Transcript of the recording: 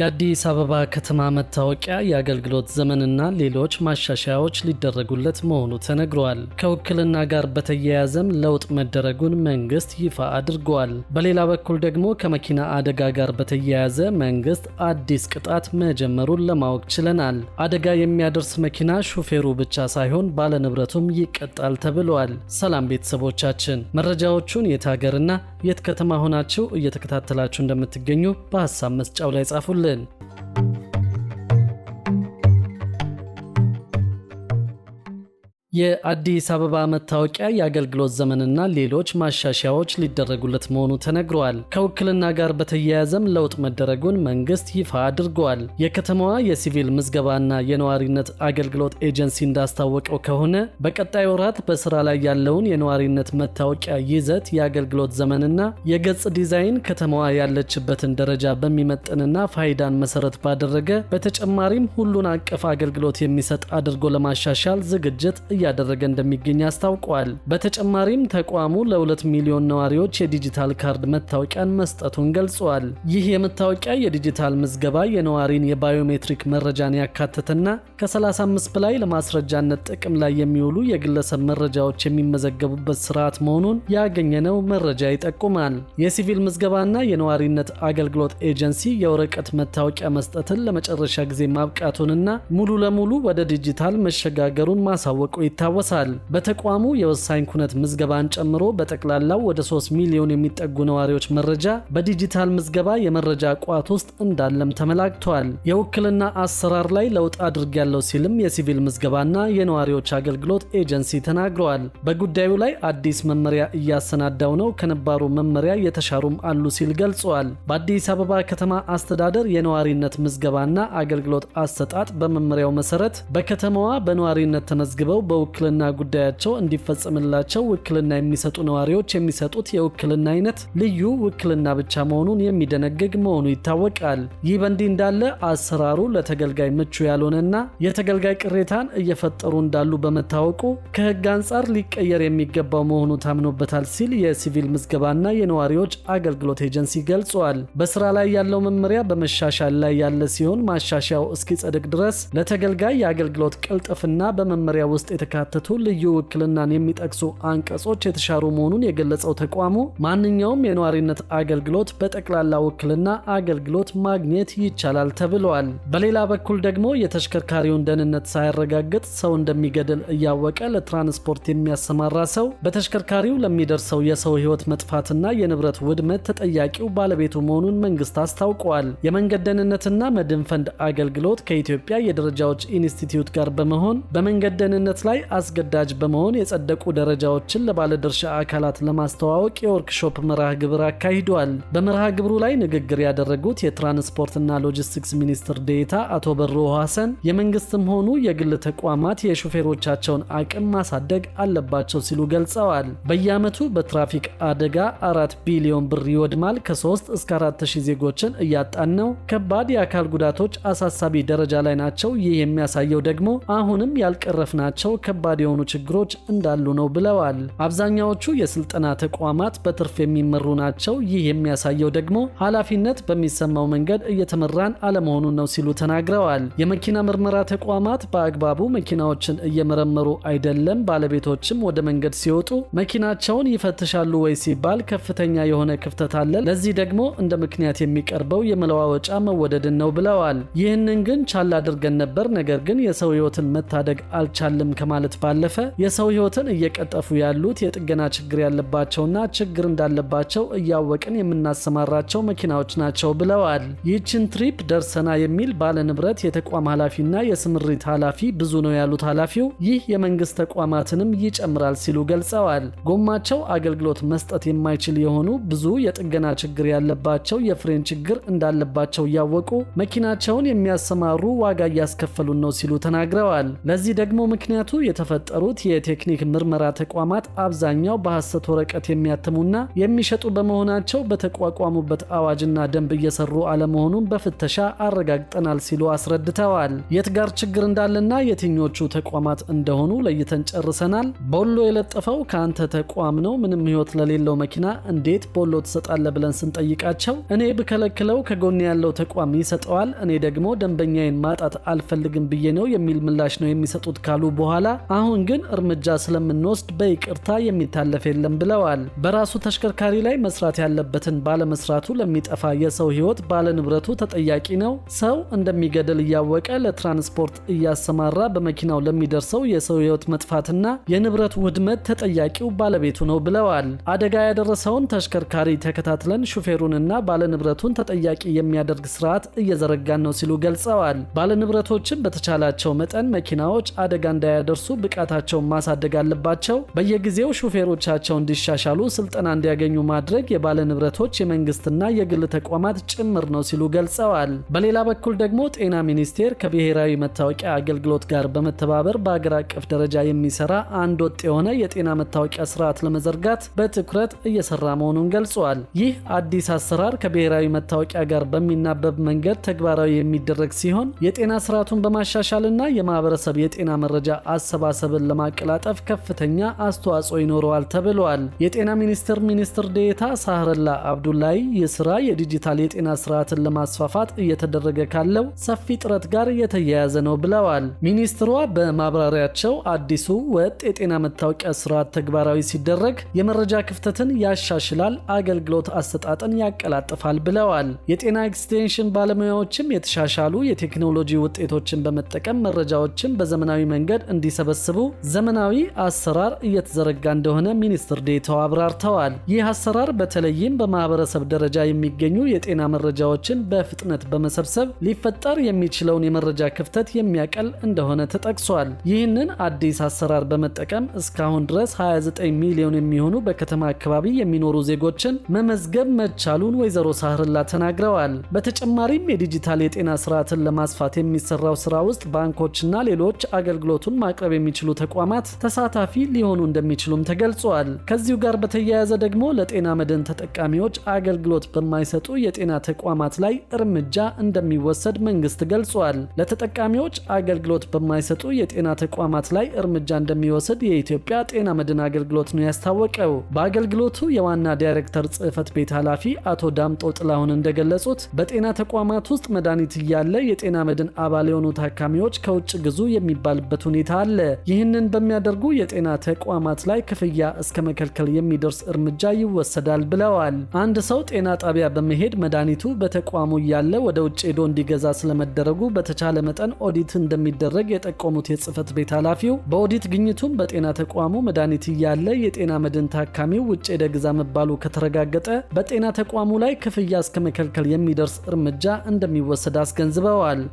የአዲስ አበባ ከተማ መታወቂያ የአገልግሎት ዘመንና ሌሎች ማሻሻያዎች ሊደረጉለት መሆኑ ተነግሯል። ከውክልና ጋር በተያያዘም ለውጥ መደረጉን መንግስት ይፋ አድርጓል። በሌላ በኩል ደግሞ ከመኪና አደጋ ጋር በተያያዘ መንግስት አዲስ ቅጣት መጀመሩን ለማወቅ ችለናል። አደጋ የሚያደርስ መኪና ሹፌሩ ብቻ ሳይሆን ባለንብረቱም ይቀጣል ተብሏል። ሰላም ቤተሰቦቻችን፣ መረጃዎቹን የት ሀገርና የት ከተማ ሆናችሁ እየተከታተላችሁ እንደምትገኙ በሐሳብ መስጫው ላይ ጻፉልን። የአዲስ አበባ መታወቂያ የአገልግሎት ዘመንና ሌሎች ማሻሻያዎች ሊደረጉለት መሆኑ ተነግሯል። ከውክልና ጋር በተያያዘም ለውጥ መደረጉን መንግስት ይፋ አድርጓል። የከተማዋ የሲቪል ምዝገባና የነዋሪነት አገልግሎት ኤጀንሲ እንዳስታወቀው ከሆነ በቀጣይ ወራት በስራ ላይ ያለውን የነዋሪነት መታወቂያ ይዘት፣ የአገልግሎት ዘመንና የገጽ ዲዛይን ከተማዋ ያለችበትን ደረጃ በሚመጥንና ፋይዳን መሰረት ባደረገ በተጨማሪም ሁሉን አቀፍ አገልግሎት የሚሰጥ አድርጎ ለማሻሻል ዝግጅት እያደረገ እንደሚገኝ አስታውቋል። በተጨማሪም ተቋሙ ለ2 ሚሊዮን ነዋሪዎች የዲጂታል ካርድ መታወቂያን መስጠቱን ገልጿል። ይህ የመታወቂያ የዲጂታል ምዝገባ የነዋሪን የባዮሜትሪክ መረጃን ያካተተና ከ35 በላይ ለማስረጃነት ጥቅም ላይ የሚውሉ የግለሰብ መረጃዎች የሚመዘገቡበት ስርዓት መሆኑን ያገኘነው መረጃ ይጠቁማል። የሲቪል ምዝገባና የነዋሪነት አገልግሎት ኤጀንሲ የወረቀት መታወቂያ መስጠትን ለመጨረሻ ጊዜ ማብቃቱንና ሙሉ ለሙሉ ወደ ዲጂታል መሸጋገሩን ማሳወቁ ይታወሳል። በተቋሙ የወሳኝ ኩነት ምዝገባን ጨምሮ በጠቅላላው ወደ 3 ሚሊዮን የሚጠጉ ነዋሪዎች መረጃ በዲጂታል ምዝገባ የመረጃ ቋት ውስጥ እንዳለም ተመላክቷል። የውክልና አሰራር ላይ ለውጥ ያለው ሲልም የሲቪል ምዝገባና የነዋሪዎች አገልግሎት ኤጀንሲ ተናግረዋል። በጉዳዩ ላይ አዲስ መመሪያ እያሰናዳው ነው፣ ከነባሩ መመሪያ የተሻሩም አሉ ሲል ገልጿል። በአዲስ አበባ ከተማ አስተዳደር የነዋሪነት ምዝገባና አገልግሎት አሰጣጥ በመመሪያው መሰረት በከተማዋ በነዋሪነት ተመዝግበው በ የውክልና ጉዳያቸው እንዲፈጸምላቸው ውክልና የሚሰጡ ነዋሪዎች የሚሰጡት የውክልና አይነት ልዩ ውክልና ብቻ መሆኑን የሚደነግግ መሆኑ ይታወቃል። ይህ በእንዲህ እንዳለ አሰራሩ ለተገልጋይ ምቹ ያልሆነና የተገልጋይ ቅሬታን እየፈጠሩ እንዳሉ በመታወቁ ከህግ አንጻር ሊቀየር የሚገባው መሆኑ ታምኖበታል ሲል የሲቪል ምዝገባና የነዋሪዎች አገልግሎት ኤጀንሲ ገልጿል። በስራ ላይ ያለው መመሪያ በመሻሻል ላይ ያለ ሲሆን ማሻሻያው እስኪጸድቅ ድረስ ለተገልጋይ የአገልግሎት ቅልጥፍና በመመሪያ ውስጥ የተ። የተካተቱ ልዩ ውክልናን የሚጠቅሱ አንቀጾች የተሻሩ መሆኑን የገለጸው ተቋሙ ማንኛውም የነዋሪነት አገልግሎት በጠቅላላ ውክልና አገልግሎት ማግኘት ይቻላል ተብለዋል። በሌላ በኩል ደግሞ የተሽከርካሪውን ደህንነት ሳያረጋግጥ ሰው እንደሚገድል እያወቀ ለትራንስፖርት የሚያሰማራ ሰው በተሽከርካሪው ለሚደርሰው የሰው ሕይወት መጥፋትና የንብረት ውድመት ተጠያቂው ባለቤቱ መሆኑን መንግስት አስታውቋል። የመንገድ ደህንነትና መድን ፈንድ አገልግሎት ከኢትዮጵያ የደረጃዎች ኢንስቲትዩት ጋር በመሆን በመንገድ ደህንነት ላይ አስገዳጅ በመሆን የጸደቁ ደረጃዎችን ለባለድርሻ አካላት ለማስተዋወቅ የወርክሾፕ መርሃ ግብር አካሂደዋል። በመርሃ ግብሩ ላይ ንግግር ያደረጉት የትራንስፖርትና ሎጂስቲክስ ሚኒስትር ዴታ አቶ በሮ ሐሰን የመንግስትም ሆኑ የግል ተቋማት የሾፌሮቻቸውን አቅም ማሳደግ አለባቸው ሲሉ ገልጸዋል። በየአመቱ በትራፊክ አደጋ አራት ቢሊዮን ብር ይወድማል። ከ3 እስከ 4 ሺህ ዜጎችን እያጣን ነው። ከባድ የአካል ጉዳቶች አሳሳቢ ደረጃ ላይ ናቸው። ይህ የሚያሳየው ደግሞ አሁንም ያልቀረፍናቸው ከባድ የሆኑ ችግሮች እንዳሉ ነው ብለዋል። አብዛኛዎቹ የስልጠና ተቋማት በትርፍ የሚመሩ ናቸው። ይህ የሚያሳየው ደግሞ ኃላፊነት በሚሰማው መንገድ እየተመራን አለመሆኑን ነው ሲሉ ተናግረዋል። የመኪና ምርመራ ተቋማት በአግባቡ መኪናዎችን እየመረመሩ አይደለም። ባለቤቶችም ወደ መንገድ ሲወጡ መኪናቸውን ይፈትሻሉ ወይ ሲባል ከፍተኛ የሆነ ክፍተት አለ። ለዚህ ደግሞ እንደ ምክንያት የሚቀርበው የመለዋወጫ መወደድን ነው ብለዋል። ይህንን ግን ቻል አድርገን ነበር፣ ነገር ግን የሰው ህይወትን መታደግ አልቻልም ከማለት ከማለት ባለፈ የሰው ሕይወትን እየቀጠፉ ያሉት የጥገና ችግር ያለባቸውና ችግር እንዳለባቸው እያወቅን የምናሰማራቸው መኪናዎች ናቸው ብለዋል። ይህችን ትሪፕ ደርሰና የሚል ባለንብረት የተቋም ኃላፊና የስምሪት ኃላፊ ብዙ ነው ያሉት ኃላፊው ይህ የመንግስት ተቋማትንም ይጨምራል ሲሉ ገልጸዋል። ጎማቸው አገልግሎት መስጠት የማይችል የሆኑ ብዙ የጥገና ችግር ያለባቸው የፍሬን ችግር እንዳለባቸው እያወቁ መኪናቸውን የሚያሰማሩ ዋጋ እያስከፈሉን ነው ሲሉ ተናግረዋል። ለዚህ ደግሞ ምክንያቱ የተፈጠሩት የቴክኒክ ምርመራ ተቋማት አብዛኛው በሐሰት ወረቀት የሚያትሙና የሚሸጡ በመሆናቸው በተቋቋሙበት አዋጅና ደንብ እየሰሩ አለመሆኑን በፍተሻ አረጋግጠናል ሲሉ አስረድተዋል። የት ጋር ችግር እንዳለና የትኞቹ ተቋማት እንደሆኑ ለይተን ጨርሰናል። ቦሎ የለጠፈው ከአንተ ተቋም ነው፣ ምንም ሕይወት ለሌለው መኪና እንዴት ቦሎ ትሰጣለ ብለን ስንጠይቃቸው እኔ ብከለክለው ከጎን ያለው ተቋም ይሰጠዋል፣ እኔ ደግሞ ደንበኛዬን ማጣት አልፈልግም ብዬ ነው የሚል ምላሽ ነው የሚሰጡት ካሉ በኋላ አሁን ግን እርምጃ ስለምንወስድ በይቅርታ የሚታለፍ የለም ብለዋል። በራሱ ተሽከርካሪ ላይ መስራት ያለበትን ባለመስራቱ ለሚጠፋ የሰው ሕይወት ባለንብረቱ ተጠያቂ ነው። ሰው እንደሚገደል እያወቀ ለትራንስፖርት እያሰማራ በመኪናው ለሚደርሰው የሰው ህይወት መጥፋትና የንብረት ውድመት ተጠያቂው ባለቤቱ ነው ብለዋል። አደጋ ያደረሰውን ተሽከርካሪ ተከታትለን ሹፌሩንና ባለንብረቱን ተጠያቂ የሚያደርግ ስርዓት እየዘረጋን ነው ሲሉ ገልጸዋል። ባለንብረቶችን በተቻላቸው መጠን መኪናዎች አደጋ እንዳያደርሱ እነሱ ብቃታቸውን ማሳደግ አለባቸው። በየጊዜው ሹፌሮቻቸው እንዲሻሻሉ ስልጠና እንዲያገኙ ማድረግ የባለ ንብረቶች የመንግስትና የግል ተቋማት ጭምር ነው ሲሉ ገልጸዋል። በሌላ በኩል ደግሞ ጤና ሚኒስቴር ከብሔራዊ መታወቂያ አገልግሎት ጋር በመተባበር በአገር አቀፍ ደረጃ የሚሰራ አንድ ወጥ የሆነ የጤና መታወቂያ ስርዓት ለመዘርጋት በትኩረት እየሰራ መሆኑን ገልጿል። ይህ አዲስ አሰራር ከብሔራዊ መታወቂያ ጋር በሚናበብ መንገድ ተግባራዊ የሚደረግ ሲሆን የጤና ስርዓቱን በማሻሻልና የማህበረሰብ የጤና መረጃ አስ አሰባሰብን ለማቀላጠፍ ከፍተኛ አስተዋጽኦ ይኖረዋል ተብሏል። የጤና ሚኒስቴር ሚኒስትር ዴታ ሳህረላ አብዱላይ የስራ የዲጂታል የጤና ስርዓትን ለማስፋፋት እየተደረገ ካለው ሰፊ ጥረት ጋር የተያያዘ ነው ብለዋል። ሚኒስትሯ በማብራሪያቸው አዲሱ ወጥ የጤና መታወቂያ ስርዓት ተግባራዊ ሲደረግ የመረጃ ክፍተትን ያሻሽላል፣ አገልግሎት አሰጣጥን ያቀላጥፋል ብለዋል። የጤና ኤክስቴንሽን ባለሙያዎችም የተሻሻሉ የቴክኖሎጂ ውጤቶችን በመጠቀም መረጃዎችን በዘመናዊ መንገድ እንዲሰ እንዲሰበስቡ ዘመናዊ አሰራር እየተዘረጋ እንደሆነ ሚኒስትር ዴታው አብራርተዋል። ይህ አሰራር በተለይም በማህበረሰብ ደረጃ የሚገኙ የጤና መረጃዎችን በፍጥነት በመሰብሰብ ሊፈጠር የሚችለውን የመረጃ ክፍተት የሚያቀል እንደሆነ ተጠቅሷል። ይህንን አዲስ አሰራር በመጠቀም እስካሁን ድረስ 29 ሚሊዮን የሚሆኑ በከተማ አካባቢ የሚኖሩ ዜጎችን መመዝገብ መቻሉን ወይዘሮ ሳህርላ ተናግረዋል። በተጨማሪም የዲጂታል የጤና ስርዓትን ለማስፋት የሚሰራው ስራ ውስጥ ባንኮችና ሌሎች አገልግሎቱን ማቅረብ ማቅረብ የሚችሉ ተቋማት ተሳታፊ ሊሆኑ እንደሚችሉም ተገልጿል። ከዚሁ ጋር በተያያዘ ደግሞ ለጤና መድን ተጠቃሚዎች አገልግሎት በማይሰጡ የጤና ተቋማት ላይ እርምጃ እንደሚወሰድ መንግስት ገልጿል። ለተጠቃሚዎች አገልግሎት በማይሰጡ የጤና ተቋማት ላይ እርምጃ እንደሚወስድ የኢትዮጵያ ጤና መድን አገልግሎት ነው ያስታወቀው። በአገልግሎቱ የዋና ዳይሬክተር ጽህፈት ቤት ኃላፊ አቶ ዳምጦ ጥላሁን እንደገለጹት በጤና ተቋማት ውስጥ መድኃኒት እያለ የጤና መድን አባል የሆኑ ታካሚዎች ከውጭ ግዙ የሚባልበት ሁኔታ አለ። ይህንን በሚያደርጉ የጤና ተቋማት ላይ ክፍያ እስከ መከልከል የሚደርስ እርምጃ ይወሰዳል ብለዋል። አንድ ሰው ጤና ጣቢያ በመሄድ መድኃኒቱ በተቋሙ እያለ ወደ ውጭ ሄዶ እንዲገዛ ስለመደረጉ በተቻለ መጠን ኦዲት እንደሚደረግ የጠቆሙት የጽህፈት ቤት ኃላፊው በኦዲት ግኝቱም በጤና ተቋሙ መድኃኒት እያለ የጤና መድን ታካሚው ውጭ ሄደ ግዛ መባሉ ከተረጋገጠ በጤና ተቋሙ ላይ ክፍያ እስከ መከልከል የሚደርስ እርምጃ እንደሚወሰድ አስገንዝበዋል።